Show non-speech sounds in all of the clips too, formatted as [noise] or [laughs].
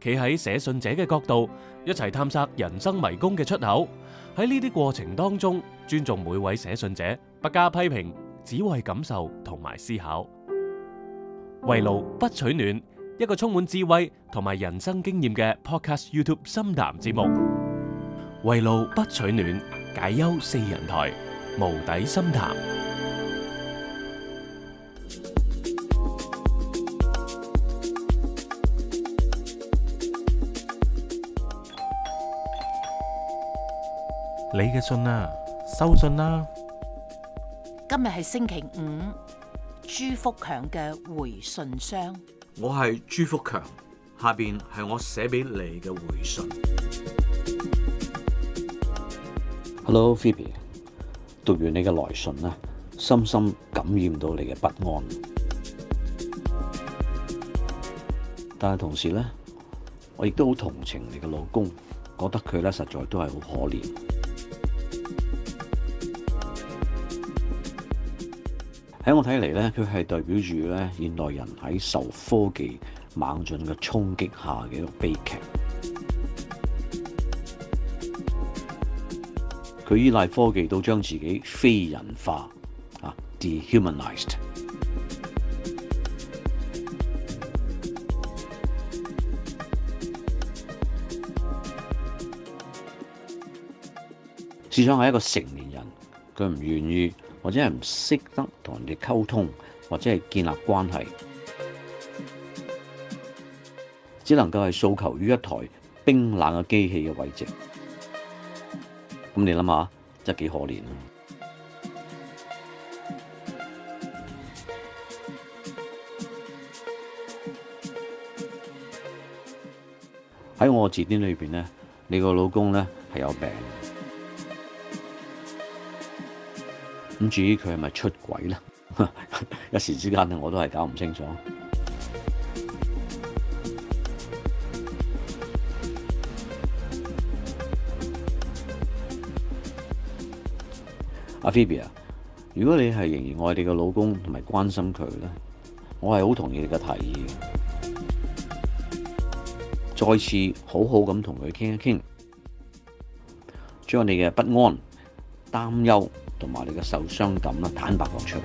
企喺寫信者嘅角度，一齊探索人生迷宮嘅出口。喺呢啲過程當中，尊重每位寫信者，不加批評，只為感受同埋思考。圍爐不取暖，一個充滿智慧同埋人生經驗嘅 Podcast YouTube 深談節目。圍爐不取暖，解憂四人台，無底深談。你嘅信啦、啊，收信啦、啊。今日係星期五，朱福強嘅回信箱。我係朱福強，下邊係我寫俾你嘅回信。Hello，Phoebe，讀完你嘅來信呢，深深感染到你嘅不安。但係同時咧，我亦都好同情你嘅老公，覺得佢咧實在都係好可憐。喺我睇嚟咧，佢係代表住咧現代人喺受科技猛進嘅衝擊下嘅一個悲劇。佢依賴科技到將自己非人化啊，dehumanized。試想係一個成年人，佢唔願意，或者係唔識得同人哋溝通，或者係建立關係，只能夠係訴求於一台冰冷嘅機器嘅位置。咁你諗下，真係幾可憐啊，喺我字典裏邊咧，你個老公咧係有病。咁至於佢係咪出軌咧？一 [laughs] 時之間咧，我都係搞唔清楚。阿 Phoebe 啊！如果你係仍然愛你嘅老公，同埋關心佢咧，我係好同意你嘅提議，再次好好咁同佢傾一傾，將你嘅不安、擔憂，同埋你嘅受傷感啦，坦白講出嚟。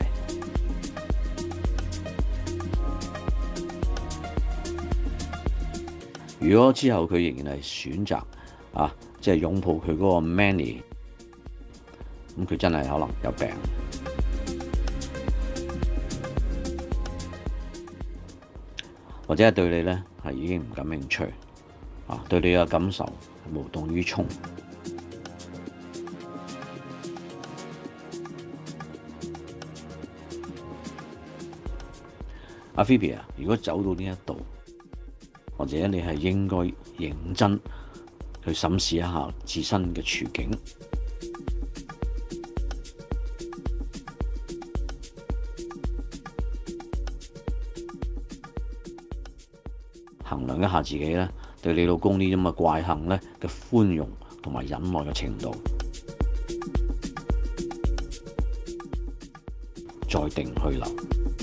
如果之後佢仍然係選擇啊，即係擁抱佢嗰個 Mani，咁佢真係可能有病，或者係對你咧係已經唔感興趣啊，對你嘅感受係無動於衷。阿菲比啊，如果走到呢一度，或者你係應該認真去審視一下自身嘅處境，衡量一下自己咧，對你老公呢啲咁嘅怪行咧嘅寬容同埋忍耐嘅程度，再定去留。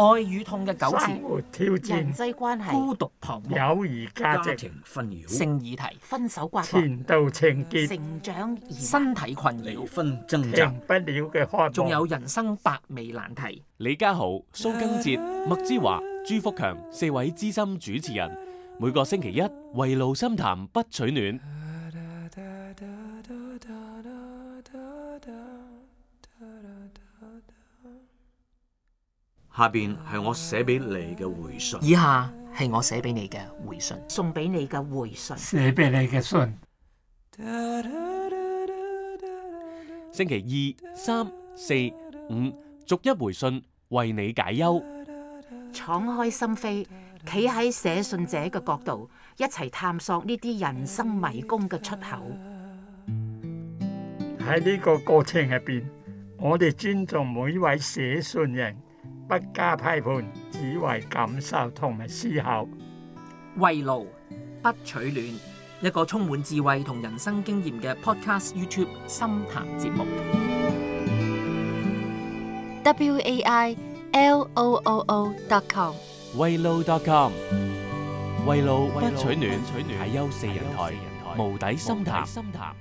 愛與痛嘅糾纏，挑戰人際關係，孤獨彷徨，友誼價值，家庭紛擾，成疑題，分手瓜葛，前度情結，成長，身體困擾，離婚爭執，不了嘅開端，仲有人生百味難題。李家豪、蘇根哲、麥之華、朱福強四位資深主持人，每個星期一圍爐深談，不取暖。下邊係我寫俾你嘅回信。以下係我寫俾你嘅回信，送俾你嘅回信，寫俾你嘅信。星期二、三、四、五，逐一回信，為你解憂。敞開心扉，企喺寫信者嘅角度，一齊探索呢啲人生迷宮嘅出口。喺呢個過程入邊，我哋尊重每一位寫信人。不加批判，只為感受同埋思考。圍爐不取暖，一個充滿智慧同人生經驗嘅 Podcast YouTube 深談節目。w a i l o o o dot com。圍爐 dot com。圍爐不取暖係優四人台無底深談。